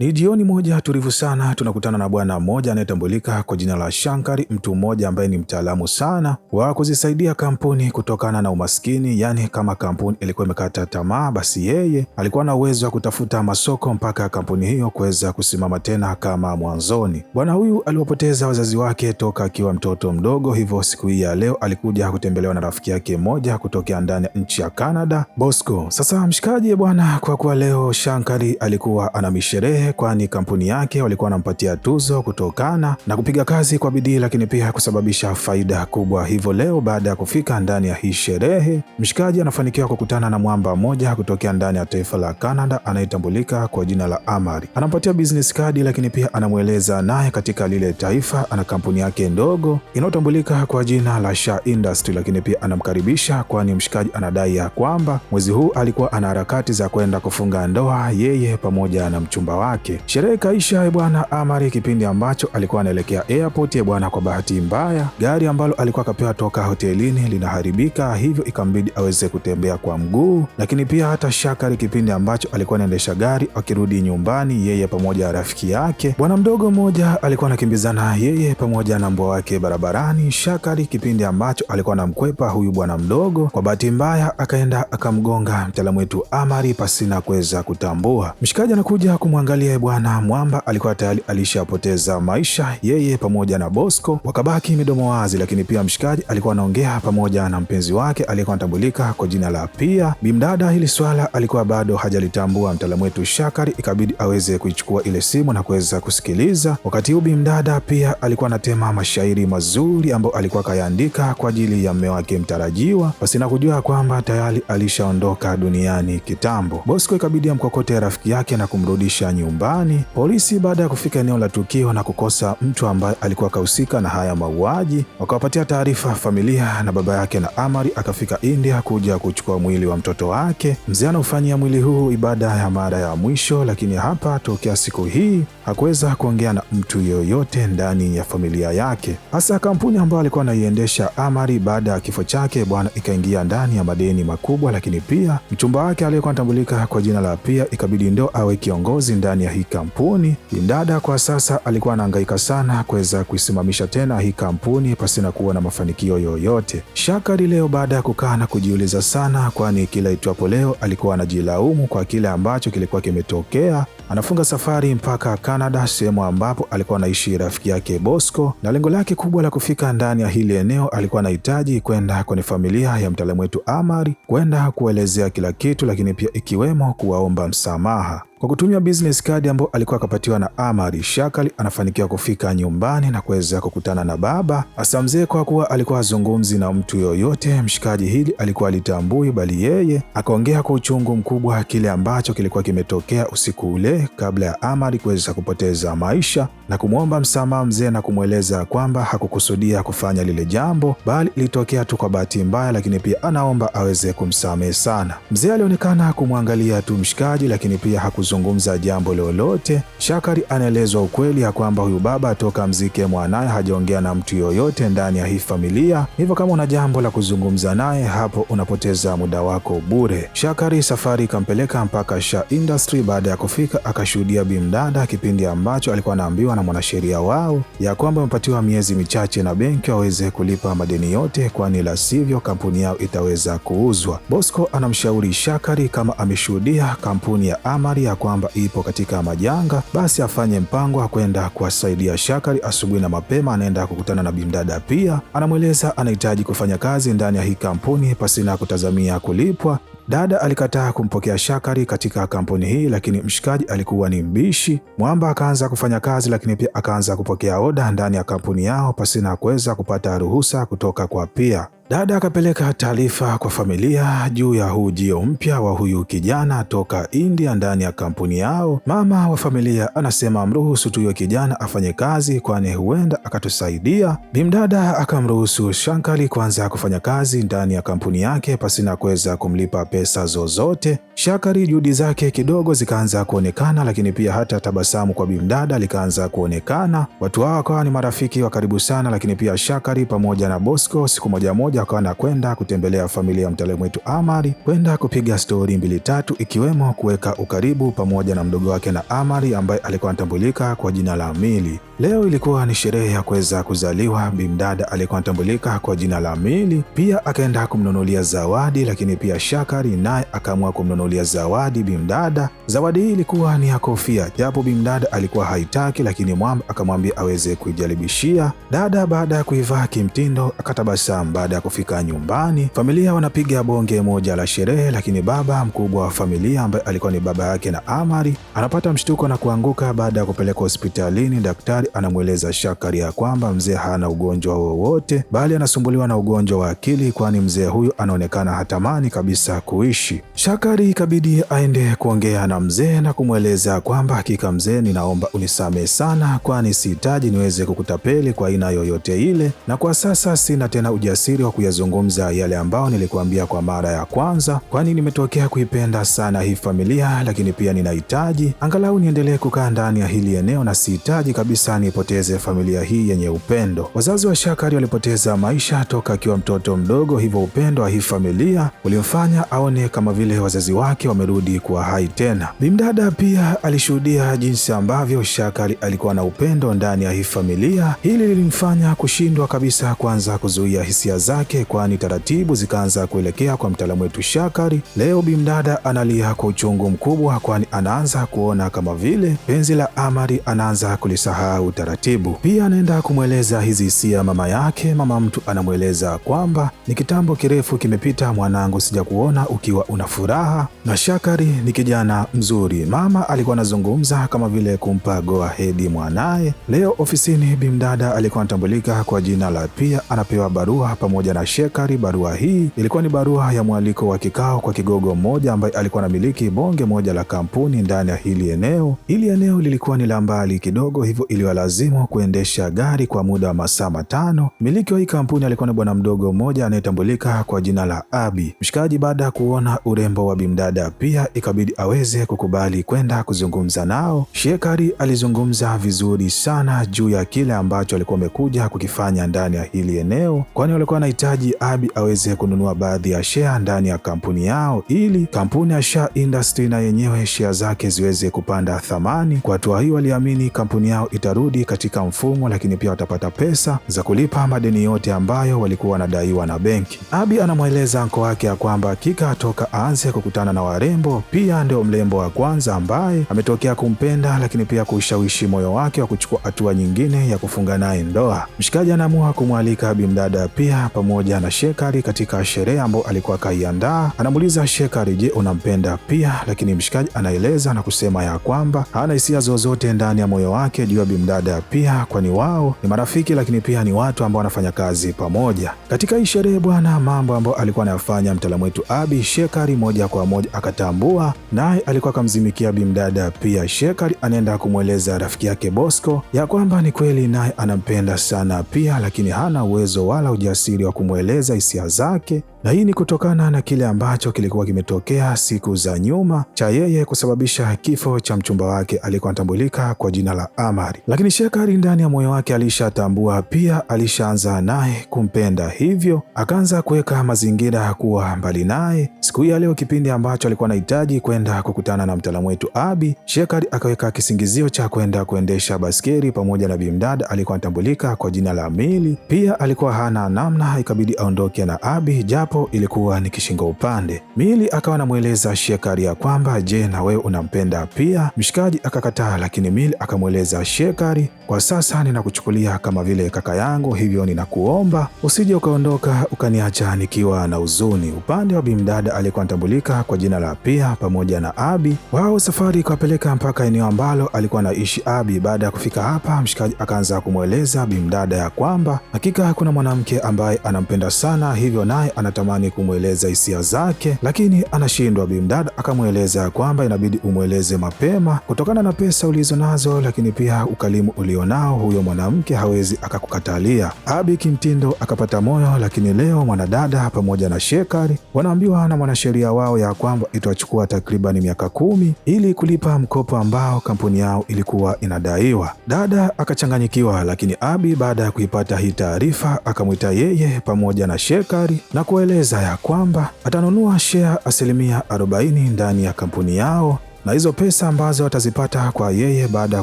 Ni jioni moja tulivu sana, tunakutana na bwana mmoja anayetambulika kwa jina la Shankari, mtu mmoja ambaye ni mtaalamu sana wa kuzisaidia kampuni kutokana na umaskini. Yaani, kama kampuni ilikuwa imekata tamaa, basi yeye alikuwa na uwezo wa kutafuta masoko mpaka kampuni hiyo kuweza kusimama tena kama mwanzoni. Bwana huyu aliwapoteza wazazi wake toka akiwa mtoto mdogo, hivyo siku hii ya leo alikuja kutembelewa na rafiki yake mmoja kutokea ndani ya nchi ya Canada, Bosco. Sasa mshikaji bwana, kwa kuwa leo Shankari alikuwa ana misherehe Eh, kwani kampuni yake walikuwa wanampatia tuzo kutokana na kupiga kazi kwa bidii, lakini pia kusababisha faida kubwa. Hivyo leo baada ya kufika ndani ya hii sherehe, mshikaji anafanikiwa kukutana na mwamba mmoja kutokea ndani ya taifa la Canada anayetambulika kwa jina la Amari. Anampatia business kadi, lakini pia anamweleza naye katika lile taifa ana kampuni yake ndogo inayotambulika kwa jina la Sha Industry, lakini pia anamkaribisha, kwani mshikaji anadai ya kwamba mwezi huu alikuwa ana harakati za kwenda kufunga ndoa yeye pamoja na mchumba wake yake. Sherehe kaisha ya bwana Amari, kipindi ambacho alikuwa anaelekea airport ya bwana, kwa bahati mbaya gari ambalo alikuwa akapewa toka hotelini linaharibika, hivyo ikambidi aweze kutembea kwa mguu. Lakini pia hata Shakari, kipindi ambacho alikuwa anaendesha gari akirudi nyumbani, yeye pamoja na rafiki yake bwana mdogo mmoja alikuwa anakimbizana yeye pamoja na mbwa wake barabarani. Shakari, kipindi ambacho alikuwa anamkwepa huyu bwana mdogo, kwa bahati mbaya akaenda akamgonga mtaalamu wetu Amari pasina kuweza kutambua. Mshikaji anakuja kumwangalia yeye bwana Mwamba alikuwa tayari alishapoteza maisha, yeye pamoja na Bosco wakabaki midomo wazi, lakini pia mshikaji alikuwa anaongea pamoja na mpenzi wake aliyekuwa anatambulika kwa jina la pia Bimdada. Hili swala alikuwa bado hajalitambua mtaalamu wetu Shakari, ikabidi aweze kuichukua ile simu na kuweza kusikiliza. Wakati huu Bimdada pia alikuwa anatema mashairi mazuri ambayo alikuwa akayaandika kwa ajili ya mme wake mtarajiwa, pasi na kujua kwamba tayari alishaondoka duniani kitambo. Bosco ikabidi amkokote rafiki yake na kumrudisha nyumbani nyumbani. Polisi baada ya kufika eneo la tukio na kukosa mtu ambaye alikuwa akahusika na haya mauaji, wakawapatia taarifa familia, na baba yake na Amari akafika India kuja kuchukua mwili wa mtoto wake. Mzee anaufanyia mwili huu ibada ya mara ya mwisho, lakini hapa tokea siku hii hakuweza kuongea na mtu yoyote ndani ya familia yake, hasa kampuni ambayo alikuwa anaiendesha Amari. Baada ya kifo chake bwana ikaingia ndani ya madeni makubwa, lakini pia mchumba wake aliyekuwa anatambulika kwa jina la Pia ikabidi ndo awe kiongozi ndani ya hii kampuni. Pindada kwa sasa alikuwa anahangaika sana kuweza kuisimamisha tena hii kampuni pasina kuwa na mafanikio yoyote. Shakari leo baada ya kukaa na kujiuliza sana, kwani kila itwapo leo alikuwa anajilaumu kwa kile ambacho kilikuwa kimetokea. Anafunga safari mpaka Canada, sehemu ambapo alikuwa anaishi rafiki yake Bosco, na lengo lake kubwa la kufika ndani ya hili eneo alikuwa anahitaji kwenda kwenye familia ya mtaalamu wetu Amari kwenda kuelezea kila kitu, lakini pia ikiwemo kuwaomba msamaha. Kwa kutumia business card ambayo alikuwa akapatiwa na Amari Shakali, anafanikiwa kufika nyumbani na kuweza kukutana na baba. Hasa mzee, kwa kuwa alikuwa hazungumzi na mtu yoyote, mshikaji hili alikuwa alitambui, bali yeye akaongea kwa uchungu mkubwa kile ambacho kilikuwa kimetokea usiku ule kabla ya Amari kuweza kupoteza maisha na kumwomba msamaha mzee na kumweleza kwamba hakukusudia kufanya lile jambo, bali ilitokea tu kwa bahati mbaya, lakini pia anaomba aweze kumsamehe sana. Mzee alionekana kumwangalia tu mshikaji, lakini pia haku kuzungumza jambo lolote. Shakari anaelezwa ukweli ya kwamba huyu baba toka mzike mwanaye hajaongea na mtu yoyote ndani ya hii familia, hivyo kama una jambo la kuzungumza naye hapo unapoteza muda wako bure. Shakari safari ikampeleka mpaka Sha Industry. Baada ya kufika, akashuhudia bimdada kipindi ambacho alikuwa anaambiwa na mwanasheria wao ya kwamba amepatiwa miezi michache na benki waweze kulipa madeni yote, kwani la sivyo kampuni yao itaweza kuuzwa. Bosco anamshauri Shakari kama ameshuhudia kampuni ya Amari ya kwamba ipo katika majanga, basi afanye mpango wa kwenda kuwasaidia Shakari. Asubuhi na mapema anaenda kukutana na bimdada, pia anamweleza anahitaji kufanya kazi ndani ya hii kampuni pasina kutazamia kulipwa Dada alikataa kumpokea Shakari katika kampuni hii, lakini mshikaji alikuwa ni mbishi. Mwamba akaanza kufanya kazi, lakini pia akaanza kupokea oda ndani ya kampuni yao pasina kuweza kupata ruhusa kutoka kwa Pia. Dada akapeleka taarifa kwa familia juu ya ujio mpya wa huyu kijana toka India ndani ya kampuni yao. Mama wa familia anasema mruhusu tu huyo kijana afanye kazi, kwani huenda akatusaidia. Bimdada akamruhusu Shankari kuanza kufanya kazi ndani ya kampuni yake pasina kuweza kumlipa pe pesa zozote. Shakari juhudi zake kidogo zikaanza kuonekana, lakini pia hata tabasamu kwa bimdada likaanza kuonekana. Watu hawa wakawa ni marafiki wa karibu sana, lakini pia Shakari pamoja na Bosco siku moja moja wakawa na kwenda kutembelea familia ya mtaalamu wetu Amari, kwenda kupiga stori mbili tatu, ikiwemo kuweka ukaribu pamoja na mdogo wake na Amari ambaye alikuwa anatambulika kwa jina la Mili. Leo ilikuwa ni sherehe ya kuweza kuzaliwa bimdada alikuwa anatambulika kwa jina la Mili, pia akaenda kumnunulia zawadi, lakini pia Shakari Bakari naye akaamua kumnunulia zawadi Bimdada. Zawadi hii ilikuwa ni ya kofia, japo Bimdada alikuwa haitaki, lakini Mwamba akamwambia aweze kuijaribishia dada. Baada ya kuivaa kimtindo, akatabasamu. Baada ya kufika nyumbani, familia wanapiga bonge moja la sherehe, lakini baba mkubwa wa familia ambaye alikuwa ni baba yake na Amari anapata mshtuko na kuanguka. Baada ya kupelekwa hospitalini, daktari anamweleza Shakari ya kwamba mzee hana ugonjwa wowote, bali anasumbuliwa na ugonjwa wa akili, kwani mzee huyo anaonekana hatamani kabisa ku kuishi. Shakari ikabidi aende kuongea na mzee na kumweleza kwamba hakika, mzee, ninaomba unisamehe sana, kwani sihitaji niweze kukutapeli kwa aina yoyote ile, na kwa sasa sina tena ujasiri wa kuyazungumza yale ambayo nilikuambia kwa mara ya kwanza, kwani nimetokea kuipenda sana hii familia, lakini pia ninahitaji angalau niendelee kukaa ndani ya hili eneo na sihitaji kabisa nipoteze familia hii yenye upendo. Wazazi wa Shakari walipoteza maisha toka akiwa mtoto mdogo, hivyo upendo wa hii familia ulimfanya aone kama vile wazazi wake wamerudi kuwa hai tena. Bimdada pia alishuhudia jinsi ambavyo Shaka alikuwa na upendo ndani ya hii familia. Hili lilimfanya kushindwa kabisa kuanza kuzuia hisia zake, kwani taratibu zikaanza kuelekea kwa mtaalamu wetu Shakari. Leo bimdada analia kwa uchungu mkubwa, kwani anaanza kuona kama vile penzi la Amari anaanza kulisahau taratibu. Pia anaenda kumweleza hizi hisia mama yake. Mama mtu anamweleza kwamba ni kitambo kirefu kimepita, mwanangu, sijakuona ukiwa una furaha na Shakari ni kijana mzuri. Mama alikuwa anazungumza kama vile kumpa goa hedi mwanaye. Leo ofisini, bimdada alikuwa anatambulika kwa jina la Pia anapewa barua pamoja na shekari Barua hii ilikuwa ni barua ya mwaliko wa kikao kwa kigogo mmoja ambaye alikuwa anamiliki bonge moja la kampuni ndani ya hili eneo. Hili eneo lilikuwa ni la mbali kidogo, hivyo iliwalazimu kuendesha gari kwa muda wa masaa matano. Miliki wa hii kampuni alikuwa ni bwana mdogo mmoja anayetambulika kwa jina la Abi. Mshikaji baada kuona urembo wa bimdada, pia ikabidi aweze kukubali kwenda kuzungumza nao. Shekari alizungumza vizuri sana juu ya kile ambacho alikuwa amekuja kukifanya ndani ya hili eneo, kwani walikuwa wanahitaji Abi aweze kununua baadhi ya shea ndani ya kampuni yao ili kampuni ya sha Industry na yenyewe shea zake ziweze kupanda thamani. Kwa hatua hii, waliamini kampuni yao itarudi katika mfumo, lakini pia watapata pesa za kulipa madeni yote ambayo walikuwa wanadaiwa na benki. Abi anamweleza anko wake ya kwamba hakika Afrika toka aanze kukutana na warembo. Pia ndio mrembo wa kwanza ambaye ametokea kumpenda, lakini pia kuushawishi moyo wake wa kuchukua hatua nyingine ya kufunga naye ndoa. Mshikaji anaamua kumwalika bimdada pia pamoja na Shekari katika sherehe ambayo alikuwa akaiandaa. Anamuuliza Shekari, je, unampenda pia? Lakini mshikaji anaeleza na kusema ya kwamba hana hisia zozote ndani ya moyo wake juu ya bimdada pia, kwani wao ni marafiki, lakini pia ni watu ambao wanafanya kazi pamoja. Katika hii sherehe bwana, mambo ambayo alikuwa anayafanya mtaalamu wetu Abi Bi Shekari moja kwa moja akatambua, naye alikuwa akamzimikia bimdada. Pia Shekari anaenda kumweleza rafiki yake Bosco ya kwamba ni kweli naye anampenda sana pia, lakini hana uwezo wala ujasiri wa kumweleza hisia zake, na hii ni kutokana na kile ambacho kilikuwa kimetokea siku za nyuma cha yeye kusababisha kifo cha mchumba wake alikuwa anatambulika kwa jina la Amari, lakini Shekari ndani ya moyo wake alishatambua pia, alishaanza naye kumpenda, hivyo akaanza kuweka mazingira kuwa mbali naye siku hii ya leo, kipindi ambacho alikuwa anahitaji kwenda kukutana na mtaalamu wetu Abi Shekard, akaweka kisingizio cha kwenda kuendesha baskeli pamoja na Bimdad, alikuwa anatambulika kwa jina la Mili. Pia alikuwa hana namna, ikabidi aondoke na Abi japo ilikuwa ni kishingo upande. Mili akawa anamweleza Shekard ya kwamba je, na wewe unampenda pia? Mshikaji akakataa, lakini Mili akamweleza Shekard, kwa sasa ninakuchukulia kama vile kaka yangu, hivyo ninakuomba usije ukaondoka ukaniacha nikiwa na huzuni. Upande wa Bimdad dada aliyekuwa anatambulika kwa jina la Pia pamoja na Abi. Wao safari ikawapeleka mpaka eneo ambalo alikuwa anaishi Abi. Baada ya kufika hapa, mshikaji akaanza kumweleza bimdada ya kwamba hakika kuna mwanamke ambaye anampenda sana, hivyo naye anatamani kumweleza hisia zake, lakini anashindwa. Bimdada akamweleza kwamba inabidi umweleze mapema kutokana na pesa ulizo nazo, lakini pia ukalimu ulionao, huyo mwanamke hawezi akakukatalia. Abi kimtindo akapata moyo, lakini leo mwanadada pamoja na Shekari wanaambiwa na mwanasheria wao ya kwamba itawachukua takriban miaka kumi ili kulipa mkopo ambao kampuni yao ilikuwa inadaiwa. Dada akachanganyikiwa, lakini Abi baada ya kuipata hii taarifa akamwita yeye pamoja na Shekari na kueleza ya kwamba atanunua shea asilimia 40 ndani ya kampuni yao na hizo pesa ambazo watazipata kwa yeye baada ya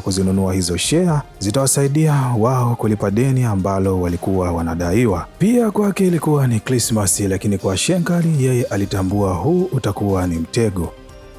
kuzinunua hizo shea zitawasaidia wao kulipa deni ambalo walikuwa wanadaiwa. Pia kwake ilikuwa ni Krismasi, lakini kwa Shenkali yeye alitambua huu utakuwa ni mtego.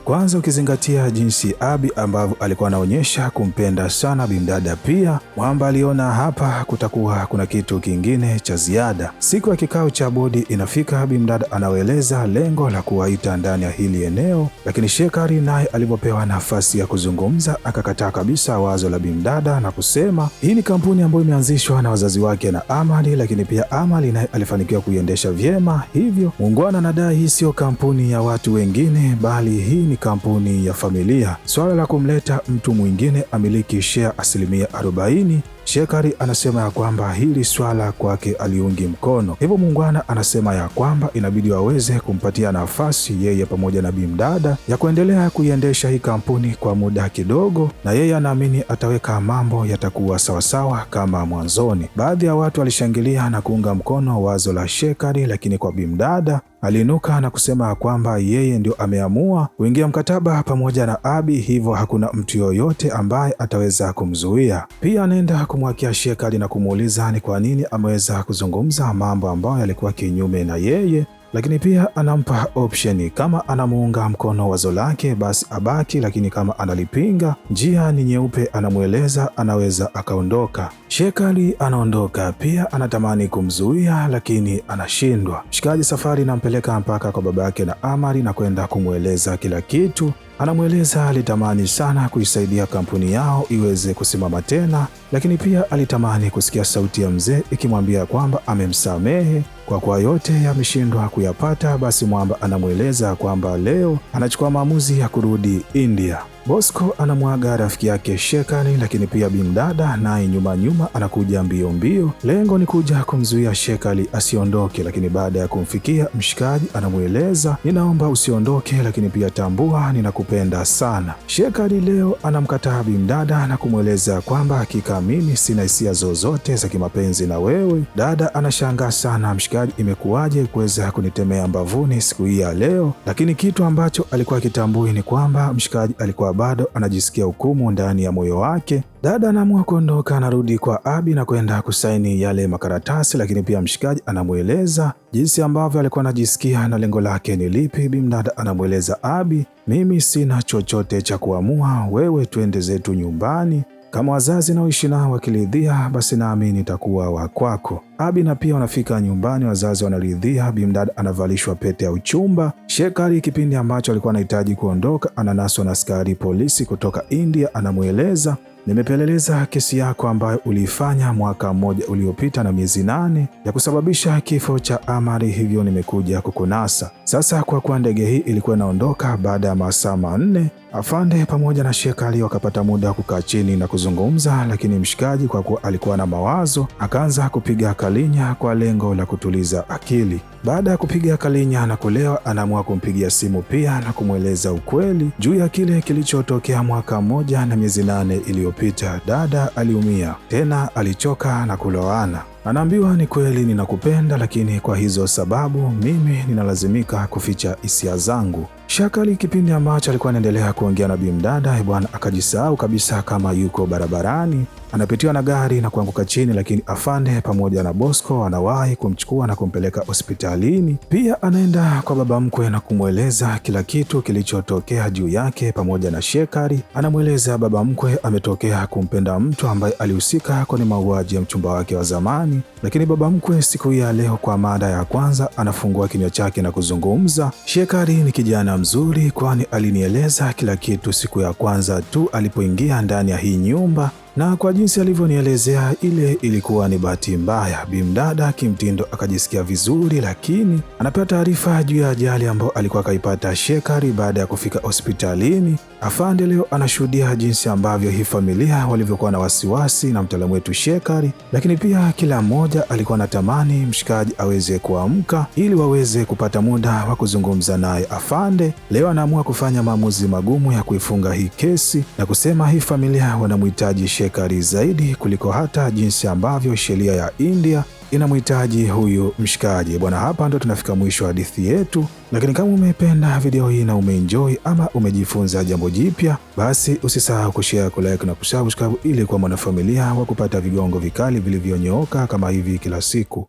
Kwanza ukizingatia jinsi Abi ambavyo alikuwa anaonyesha kumpenda sana bimdada, pia Mwamba aliona hapa kutakuwa kuna kitu kingine cha ziada. Siku ya kikao cha bodi inafika, bimdada anaoeleza lengo la kuwaita ndani ya hili eneo, lakini Shekari naye alivyopewa nafasi ya kuzungumza akakataa kabisa wazo la bimdada na kusema hii ni kampuni ambayo imeanzishwa na wazazi wake na Amali, lakini pia Amali naye alifanikiwa kuiendesha vyema, hivyo muungwana anadai hii sio kampuni ya watu wengine, bali hii ni ni kampuni ya familia. Swala la kumleta mtu mwingine amiliki share asilimia 40 Shekari anasema ya kwamba hili swala kwake aliungi mkono, hivyo muungwana anasema ya kwamba inabidi waweze kumpatia nafasi yeye pamoja na bimdada ya kuendelea kuiendesha hii kampuni kwa muda kidogo, na yeye anaamini ataweka mambo yatakuwa sawasawa kama mwanzoni. Baadhi ya watu walishangilia na kuunga mkono wazo la Shekari, lakini kwa bimdada aliinuka na kusema kwamba yeye ndio ameamua kuingia mkataba pamoja na Abi, hivyo hakuna mtu yoyote ambaye ataweza kumzuia. Pia anaenda kumwakia shekali na kumuuliza ni kwa nini ameweza kuzungumza mambo ambayo yalikuwa kinyume na yeye, lakini pia anampa option kama anamuunga mkono wazo lake basi abaki, lakini kama analipinga, njia ni nyeupe, anamweleza anaweza akaondoka. Shekali anaondoka, pia anatamani kumzuia lakini anashindwa. Shikaji safari nampeleka mpaka kwa baba yake na Amari na kwenda kumweleza kila kitu. Anamweleza alitamani sana kuisaidia kampuni yao iweze kusimama tena, lakini pia alitamani kusikia sauti ya mzee ikimwambia kwamba amemsamehe kwa kuwa yote ameshindwa kuyapata. Basi mwamba anamweleza kwamba leo anachukua maamuzi ya kurudi India. Bosco anamwaga rafiki yake Shekani, lakini pia bimdada naye nyuma nyuma anakuja mbio mbio. Lengo ni kuja kumzuia Shekali asiondoke, lakini baada ya kumfikia mshikaji anamweleza, ninaomba usiondoke, lakini pia tambua ninakupenda sana. Shekali leo anamkataa bimdada na kumweleza kwamba hakika mimi sina hisia zozote za kimapenzi na wewe. Dada anashangaa sana, mshikaji, imekuwaje kuweza kunitemea mbavuni siku hii ya leo? Lakini kitu ambacho alikuwa akitambui ni kwamba mshikaji alikuwa bado anajisikia hukumu ndani ya moyo wake. Dada anaamua kuondoka, anarudi kwa Abi na kwenda kusaini yale makaratasi, lakini pia mshikaji anamweleza jinsi ambavyo alikuwa anajisikia na lengo lake ni lipi. Bimdada anamweleza Abi mimi sina chochote cha kuamua, wewe twende zetu nyumbani. Kama wazazi naoishi nao wakiridhia, basi nami nitakuwa wa kwako. Abi na pia wanafika nyumbani, wazazi wanaridhia. Bimdad anavalishwa pete ya uchumba. Shekari kipindi ambacho alikuwa anahitaji kuondoka, ananaswa na askari polisi kutoka India, anamweleza Nimepeleleza kesi yako ambayo uliifanya mwaka mmoja uliopita na miezi nane ya kusababisha kifo cha Amari, hivyo nimekuja kukunasa. Sasa kwa kuwa ndege hii ilikuwa inaondoka baada ya masaa manne Afande pamoja na Sheikh Ali wakapata muda wa kukaa chini na kuzungumza, lakini mshikaji kwa kuwa alikuwa na mawazo akaanza kupiga kalinya kwa lengo la kutuliza akili. Baada ya kupiga kalinya na kulewa, anaamua kumpigia simu pia na kumweleza ukweli juu ya kile kilichotokea mwaka mmoja na miezi nane iliyopita. Dada aliumia tena, alichoka na kuloana. Anaambiwa ni kweli ninakupenda, lakini kwa hizo sababu mimi ninalazimika kuficha hisia zangu. Shakali kipindi ambacho alikuwa anaendelea kuongea na bimdada eh, bwana, akajisahau kabisa kama yuko barabarani, anapitiwa na gari na kuanguka chini, lakini afande pamoja na Bosco anawahi kumchukua na kumpeleka hospitalini. Pia anaenda kwa baba mkwe na kumweleza kila kitu kilichotokea juu yake pamoja na Shekari. Anamweleza baba mkwe ametokea kumpenda mtu ambaye alihusika kwenye mauaji ya mchumba wake wa zamani nyumbani, lakini baba mkwe siku ya leo kwa mada ya kwanza anafungua kinywa chake na kuzungumza. Shekari ni kijana mzuri, kwani alinieleza kila kitu siku ya kwanza tu alipoingia ndani ya hii nyumba na kwa jinsi alivyonielezea, ile ilikuwa ni bahati mbaya. Bimdada kimtindo akajisikia vizuri, lakini anapewa taarifa juu ya ajali ambayo alikuwa akaipata Shekari baada ya kufika hospitalini. Afande leo anashuhudia jinsi ambavyo hii familia walivyokuwa na wasiwasi na mtaalamu wetu Shekari, lakini pia kila mmoja alikuwa anatamani mshikaji aweze kuamka ili waweze kupata muda wa kuzungumza naye. Afande leo anaamua kufanya maamuzi magumu ya kuifunga hii kesi na kusema hii familia wanamhitaji Shekari kali zaidi kuliko hata jinsi ambavyo sheria ya India inamhitaji huyu mshikaji bwana. Hapa ndo tunafika mwisho wa hadithi yetu, lakini kama umependa video hii na umeenjoy ama umejifunza jambo jipya, basi usisahau kushare, kulike na kusubscribe ili kuwa mwanafamilia wa kupata vigongo vikali vilivyonyooka kama hivi kila siku.